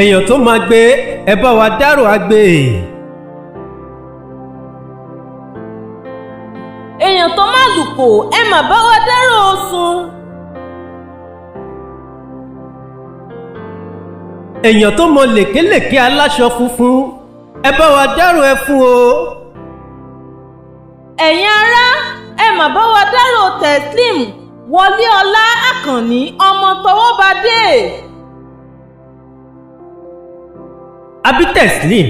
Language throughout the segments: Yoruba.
èèyàn tó máa gbé ẹ bá wa dárò àgbè. èèyàn tó má lùkò ẹ mà bá wa dárò oṣùn. èèyàn tó mọ lèkélèké aláṣọ funfun ẹ bá wa dárò ẹfun o. ẹ̀yin ará ẹ mà bá wa dárò Teslim Wọléọlá Àkànní ọmọ tọwọ́ bá dé. abiteslim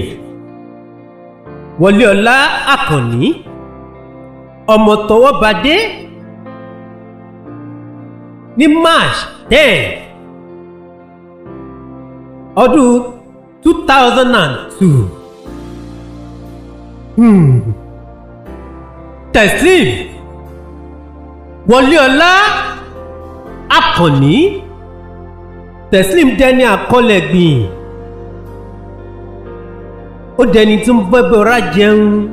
wọléọlá àkànní ọmọ tọwọ́badé ní march ten ọdún two thousand and two Hmm, teslim wọléọlá àkànní teslim dẹni àkọlẹ̀ gbìn ó dẹni tí ń bẹ́bẹ̀ ọ̀rá jẹun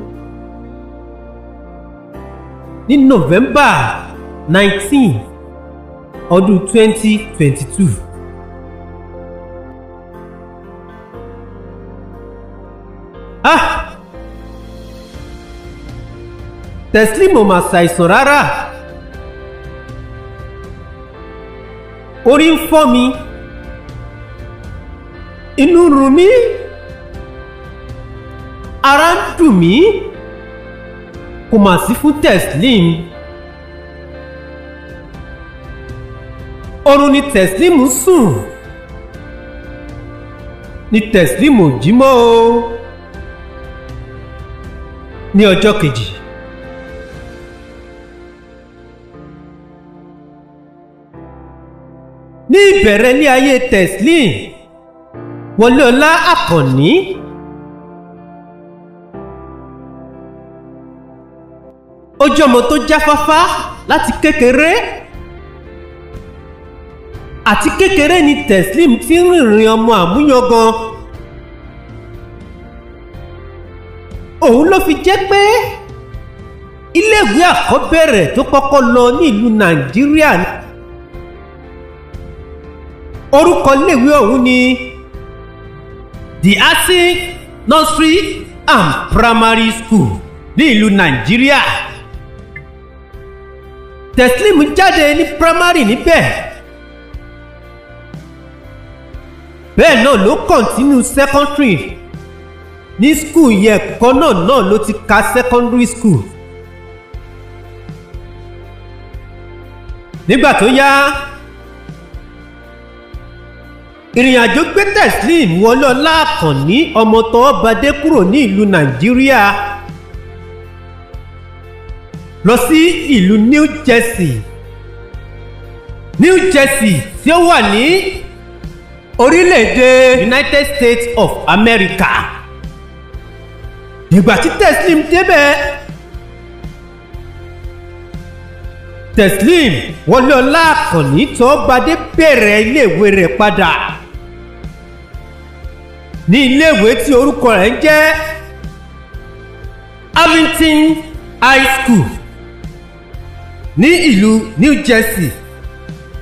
ní november 19, ọdún twenty twenty ah teslim ò mà ṣàìsàn rárá orí ń fọ́ mi inú rùn mí ara ń dùn mí kò mà sí fún teslim oorun ni teslim ń sùn ni teslim ò jí mọ́ o ní ọjọ́ kejì. ní ìbẹ̀rẹ̀ ilé ayé teslim wọlé ọlá àkànní ó jẹ́ ọmọ tó jáfáfá láti kékeré àti kékeré ni Teslim fi ń rìnrìn ọmọ àmúyangàn òun ló fi jẹ́ pé iléèwé àkọ́bẹ̀rẹ̀ tó kọ́kọ́ lọ ní Nàìjíríà orúkọ iléèwé ọ̀hún ni the Asin Nursery and Primary School ní ìlú Nàìjíríà. Teslim jáde ní primary níbẹ̀ bẹ́ẹ̀ náà ló continue secondary ní school yẹn kan náà náà ló ti ka secondary school nígbà tó yá ìrìn àjò gbé Teslim wọlé Ọlá Àkànní ọmọ tọwọ́ badé kúrò ní ìlú Nàìjíríà lọ sí ìlú New Jersey New Jersey tí ó wà ní orílẹ̀-èdè United States of America ìgbà tí Teslim débẹ̀ Teslim wọlé ọlá àkànní tó bàdé bẹ̀rẹ̀ iléèwé rẹ̀ padà ní iléèwé tí orúkọ rẹ̀ ń jẹ́ Arlington High School ní ìlú New Jersey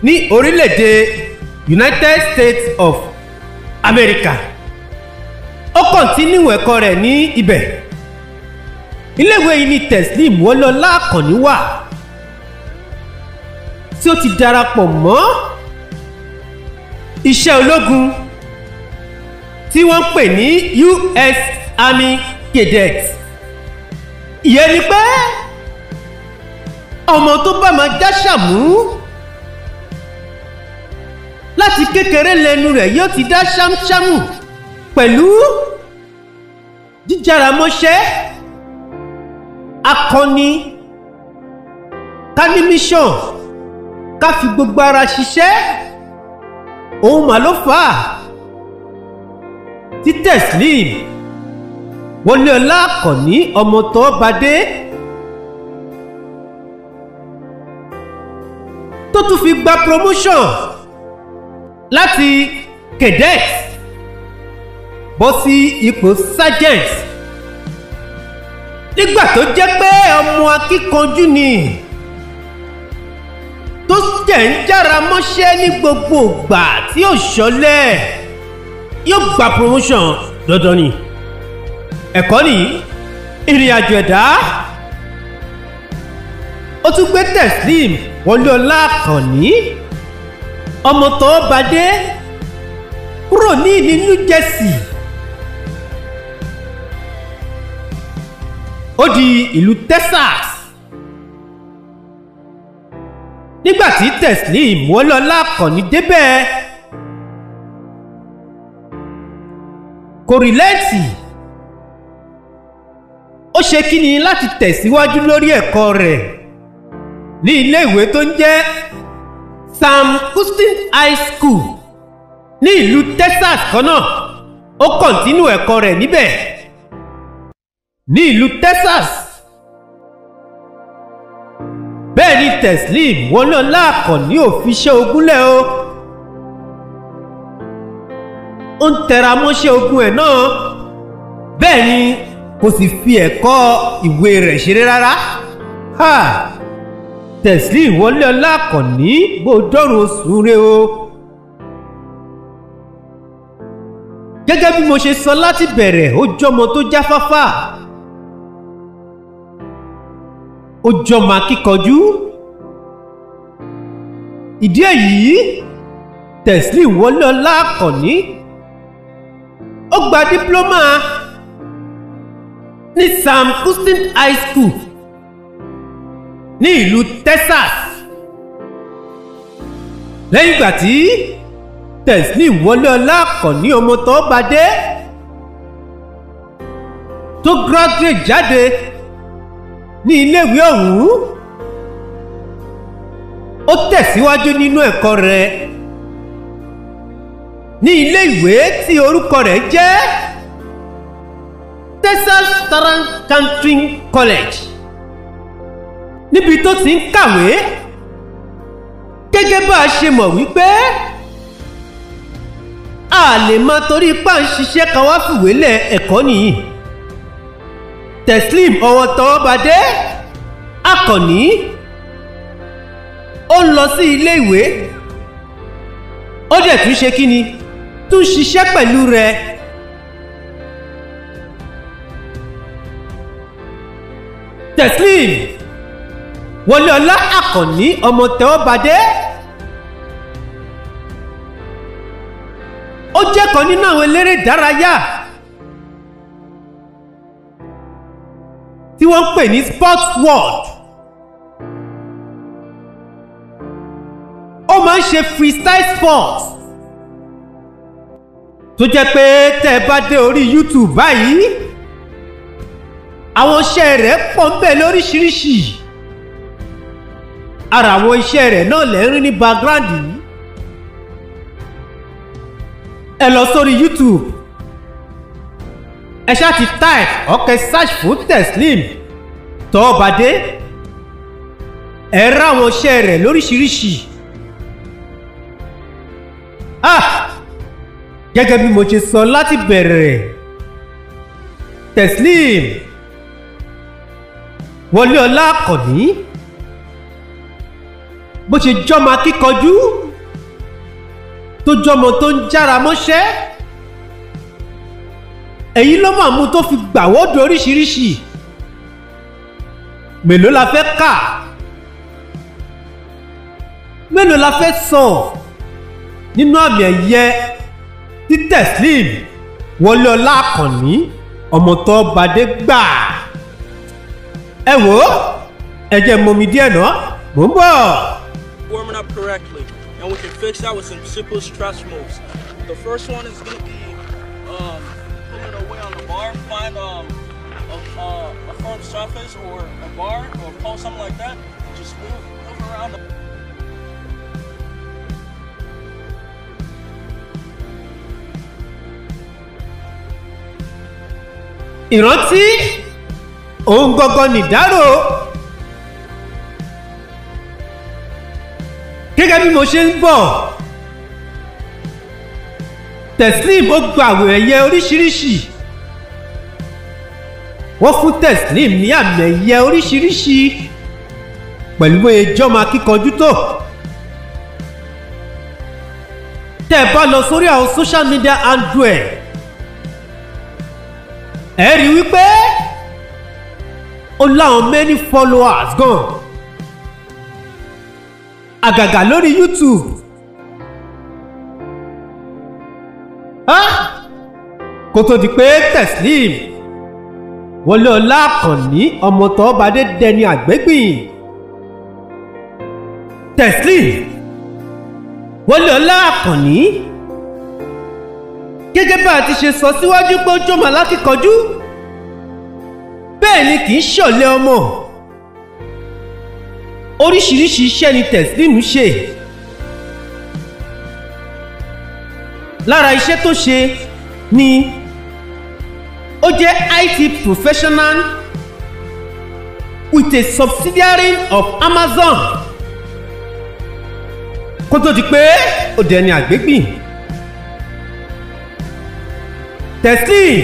ní orílẹ̀-èdè United States of America ó kọ̀ntínú ẹ̀kọ́ rẹ̀ ní ibẹ̀ iléèwé yìí ni Teslim Wọlọ́lá Àkànní wà tí ó ti darapọ̀ mọ́ iṣẹ́ ológun tí wọ́n pè ní US Army Cadets ìyẹn ni pé ọmọ tó bá máa já ṣàmú láti kékeré lẹ́nu rẹ̀ yóò ti dá ṣámṣámù pẹ̀lú jíjára mọ́ṣẹ́ akọni ká ní mission ká fi gbogbo ara ṣiṣẹ́ òun mà ló fà á tí Teslim Wọléọlá Àkànní ọmọ tó bá dé. tó tún fi gba promotion láti cadet bọ́ sí ipò sergeant nígbà tó jẹ́ pé ọmọ akíkanjú ni tó jẹ́ ń jára mọ́ṣẹ́ ní gbogbo ìgbà tí ò ṣọlẹ̀ yóò gba promotion dandan ni ẹ̀kọ́ nìyí ìrìn àjò ẹ̀dá ó tún gbé teslim wọléọlá àkànní ọmọ tó bàdé kúrò ní ìlú new jersey ó di ìlú texas nígbà tí teslim wọléọlá àkànní débẹ̀ kò rí lẹ́ǹtì ó ṣe kí ni láti tẹ̀síwájú lórí ẹ̀kọ́ rẹ̀ ní iléèwé tó ń jẹ́ Sam Houston High School ní ìlú Texas kan náà ó kọ̀ntínú ẹ̀kọ́ rẹ̀ níbẹ̀ ní ìlú Texas bẹ́ẹ̀ ni Teslim wọn náà láàkàn ní òfin ogúnlẹ̀ o ó ń tẹra mọ́ṣẹ́ ogun ẹ̀ náà bẹ́ẹ̀ ni kò sì fi ẹ̀kọ́ ìwé rẹ̀ ṣeré rárá. Ha! tẹ̀sílì ìwọlé ọlákànní gbòdọ́rùn oṣù rẹ o. gẹ́gẹ́ bí mo ṣe sọ láti bẹ̀rẹ̀ ó jọmọ tó jáfáfá ó jọmọ akíkanjú ìdí èyí tẹ̀sílì ìwọlé ọlákànní ó gba dípúlọ́mà ní Sam kustin High School ní ìlú Texas lẹ́yìn ìgbà tí Teslim Wọléọlá Àkànní ọmọ Tóbadé tó graduate jáde ní iléèwé ọ̀hún ó tẹ̀síwájú nínú ẹ̀kọ́ rẹ̀ ní ilé ìwé tí orúkọ rẹ̀ jẹ́ Texas Southern Country College níbi tó ti ń kàwé gẹ́gẹ́ bá a ṣe mọ̀ wípé a lè máa torí ipá ń ṣiṣẹ́ kan wá fìwélẹ̀ ẹ̀kọ́ nìyí Teslim ọwọ́ tọwọ́ bá dé akọ̀ní ó ń lọ sí ilé ìwé ó dẹ̀ tún ṣe kí tún ṣiṣẹ́ pẹ̀lú rẹ̀ Teslim wọlé ọlá àkànní ọmọ tẹ́wọ́badé ó jẹ́ kan nínú àwọn eléré ìdárayá tí wọ́n ń pè ní sports world ó máa ń ṣe freestyle sports tó jẹ́ pé tẹ́ ẹ bá dé orí YouTube báyìí àwọn iṣẹ́ rẹ̀ pọ̀ ń bẹ lóríṣiríṣi ara àwọn iṣẹ́ rẹ̀ náà lẹ́ ń rí ní background yìí ẹ lọ sórí YouTube ẹ ṣáà ti type ọkẹ search fún Teslim tọ́ ọ bá dé ẹ rá àwọn iṣẹ́ rẹ̀ lóríṣiríṣi ah gẹ́gẹ́ bí mo ṣe sọ láti bẹ̀rẹ̀ Teslim Wọlé Ọlá Àkànní bó ṣe jọ́mọ akíkanjú tó jọ́mọ tó ń jára mọ́ṣẹ́ èyí ló mọ̀ mú tó fi gbàwọ́dù oríṣiríṣi mélòó la fẹ́ kà mélòó la fẹ́ sàn nínú àmì ẹ̀yẹ tí Teslim wọlé ọlá àkànní ọmọ tó bàdé gbà ẹ wò ó ẹ jẹ́ mọ̀mí díẹ̀ náà mò ń bọ̀. correctly. And we can fix that with some simple stretch moves. The first one is gonna be um, pulling away on the bar, find um, a, uh, a, firm surface or a bar or a pole, something like that. Just move, move around. ìrántí òun gangan nìdárò mo ṣe ń bọ̀ Teslim ó gba àwẹ̀ ẹ̀yẹ oríṣiríṣi wọ́n fún Teslim ní àmì ẹ̀yẹ oríṣiríṣi pẹ̀lú bóyá jọ́mọ akíkanjú tó tẹ́ ẹ bá lọ sórí àwọn social media handle ẹ̀ ẹ̀ rí wípé ó láwọn many followers gan-an àgàgà lórí YouTube kó tó di pé Teslim Wọlé Ọlákànní ọmọ Tọ́badé dẹni àgbégbìn Teslim Wọlé Ọlákànní gẹ́gẹ́ bá a ti ṣe sọ síwájú pé ó jọmọ alákìkanjú bẹ́ẹ̀ ni kì í ṣọ̀lẹ ọmọ oríṣiríṣi iṣẹ́ ni Teslim ṣe lára iṣẹ́ tó ṣe ni ó jẹ́ IT professional with a subsidiary of Amazon kó tó di pé ó dẹni àgbégbìn Teslim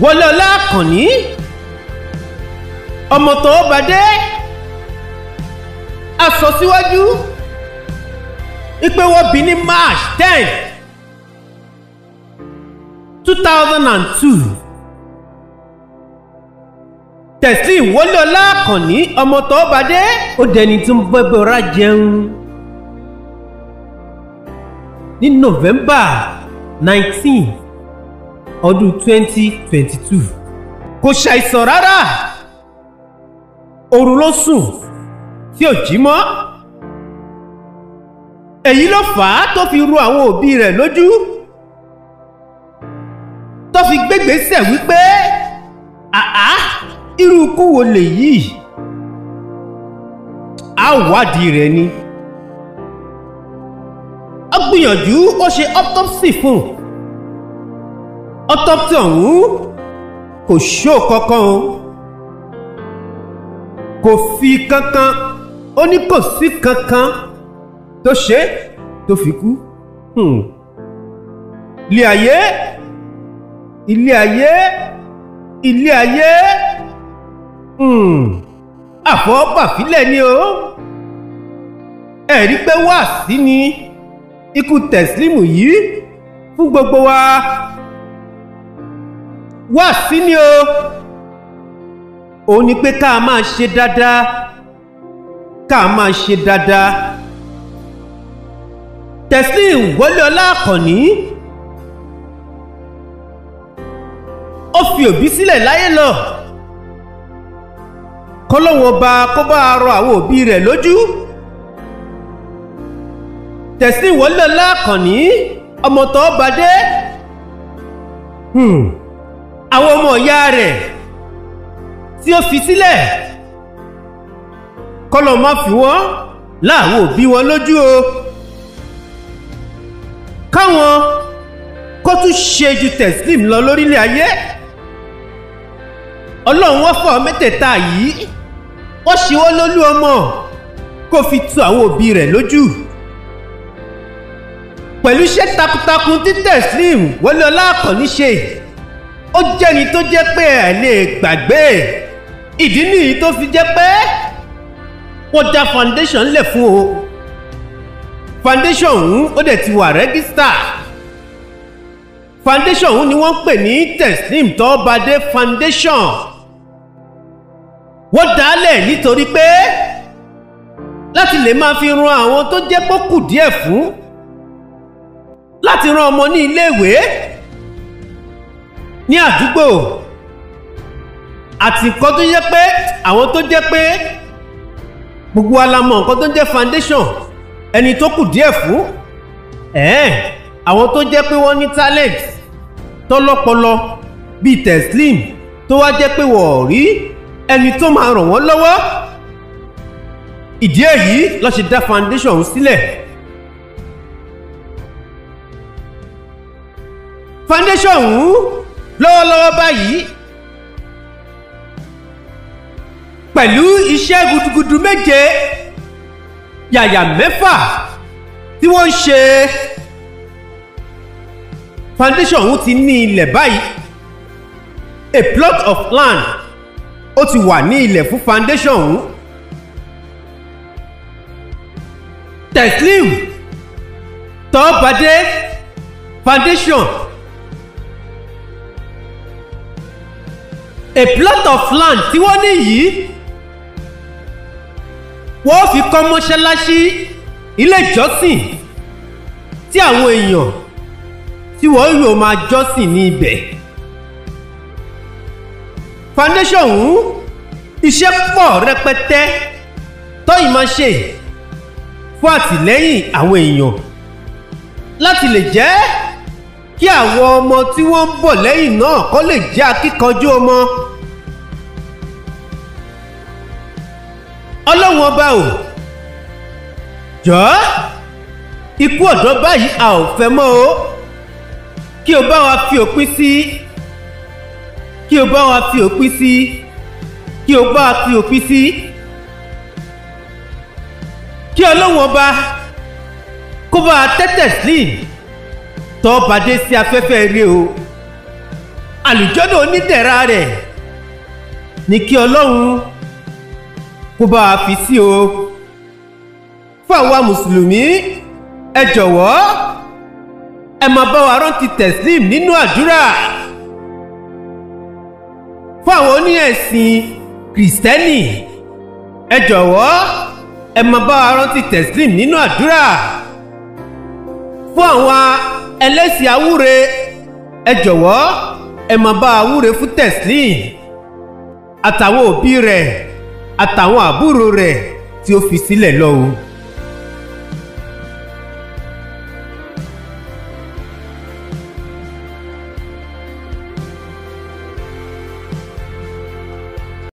Wọlé Ọlá Àkànní ọmọ tó bá dé máa sọ síwájú ipe wọ́n bí ní March ten two thousand and two tẹ̀sí ìwọlé ọlákànní ọmọ tọ́badé ó dẹni tó ń bẹ́bẹ́ ọ̀rá jẹun ní November nineteen ọdún twenty twenty two kò ṣàìsàn rárá òru ló sùn tí ò jí mọ́ èyí ló fà á tó fi ru àwọn òbí rẹ̀ lójú tó fi gbégbèsè wípé àá irú ikú wo lèyí á wádìí rẹ̀ ni ó gbìyànjú ó ṣe autopsy fún autopsy ọ̀hún kò ṣó kankan o kò fi kankan ó ní kò sí kankan tó ṣe tó fi kú hmm. ilé ayé ilé ayé ilé ayé hmm. àfọwọ́pàfilẹ̀ ni o ẹ̀rí pé wáàsí ni ikú tẹ̀sílímù yìí fún gbogbo wa wáàsí ni o òun ni pé ká máa ṣe dáadáa ká máa ṣe dáadáa Teslim Wọléọlá Àkànní ó fi òbí sílẹ̀ láyé lọ kọ́lọ́wọ́ bá kó bá rọ àwọn òbí rẹ̀ lójú Teslim Wọléọlá Àkànní ọmọ tó bá dé hmm. àwọn ọmọ ìyá rẹ̀ tí ó fi sílẹ̀ kọ́lọ̀ má fi wọ́n láàwọ̀ bí wọn lójú o káwọn kó tún ṣe ju teslim lọ lórílẹ̀ ayé ọlọ́run wọ́n fọ́ mẹ́tẹ̀ẹ̀ta yìí wọ́n ṣe wọ́n lólú ọmọ kó fi tu àwọn òbí rẹ̀ lójú pẹ̀lú iṣẹ́ takuntakun tí teslim wọlé ọlá àkànní ṣe ó jẹ́ni tó jẹ́ pé ẹ̀ gbàgbé ìdí nìyí tó fi jẹ́ pé wọ́n dá foundation lẹ̀ fún o foundation ọ̀hún ó dẹ̀ ti wà rẹ́gísítà foundation ọ̀hún ni wọ́n ń pè ní Teslim Tọ́badé foundation wọ́n dá a lẹ̀ nítorí pé láti lè máa fi ran àwọn tó jẹ́ pọ́ kù díẹ̀ fún láti ran ọmọ ní iléèwé ní àdúgbò àti nǹkan tó jẹ́ pé àwọn tó jẹ́ pé gbogbo alamọ nǹkan tó ń jẹ́ foundation ẹni tó kù díẹ̀ fún ẹ̀ẹ́n àwọn tó jẹ́ pé wọ́n ní talent tọ́lọ́pọlọ bíi teslim tó wá jẹ́ pé wọ́n rí ẹni tó máa ràn wọ́n lọ́wọ́ ìdí èyí ló ṣe dá foundation sílẹ̀ foundation lọ́wọ́lọ́wọ́ báyìí pẹ̀lú iṣẹ́ gudugudu méje yàyà mẹ́fà tí wọ́n ń ṣe foundation ọ̀hún ti ní ilẹ̀ báyìí a plot of land ó ti wà ní ilẹ̀ fún foundation ọ̀hún Teslim tọ́badé foundation a plot of land tí wọ́n ní yìí wọ́n fi kọ́ mọ́ṣáláṣí ilé ìjọsìn tí àwọn èèyàn tí wọ́n yóò máa jọ́sìn ní ibẹ̀ foundation ọ̀hún iṣẹ́ pọ̀ rẹpẹtẹ tọ́yìn máa ṣe fún àtìlẹ́yìn àwọn èèyàn láti lè jẹ́ kí àwọn ọmọ tí wọ́n ń bọ̀ lẹ́yìn náà kó lè jẹ́ akíkanjú ọmọ. ọlọ́run ọba ò jọ ikú ọ̀dọ́ báyìí a ò fẹ́ mọ́ o kí o bá wa fi òpin sí kí o bá wa fi òpin sí kí o bá wa fi òpin sí kí ọlọ́run ọba kó bá a tẹ́tẹ̀ slim tọ́ bàdé sí afẹ́fẹ́ rí o àlùjọ́dọ̀ onídẹ̀ra rẹ̀ ní kí ọlọ́run kó bá a fi sí o fún àwa mùsùlùmí ẹ jọ̀wọ́ ẹ máa bá wa rántí tẹ̀slim nínú àdúrà fún àwọn oníẹ̀sìn kìrìsìtẹ́nì ẹ jọ̀wọ́ ẹ máa bá wa rántí tẹ̀slim nínú àdúrà fún àwọn ẹlẹ́sìn awúre ẹ jọ̀wọ́ ẹ máa bá awúre fún tẹ̀slim àtàwọn òbí rẹ̀ àtàwọn àbúrò rẹ̀ tí ó fi sílẹ̀ lọ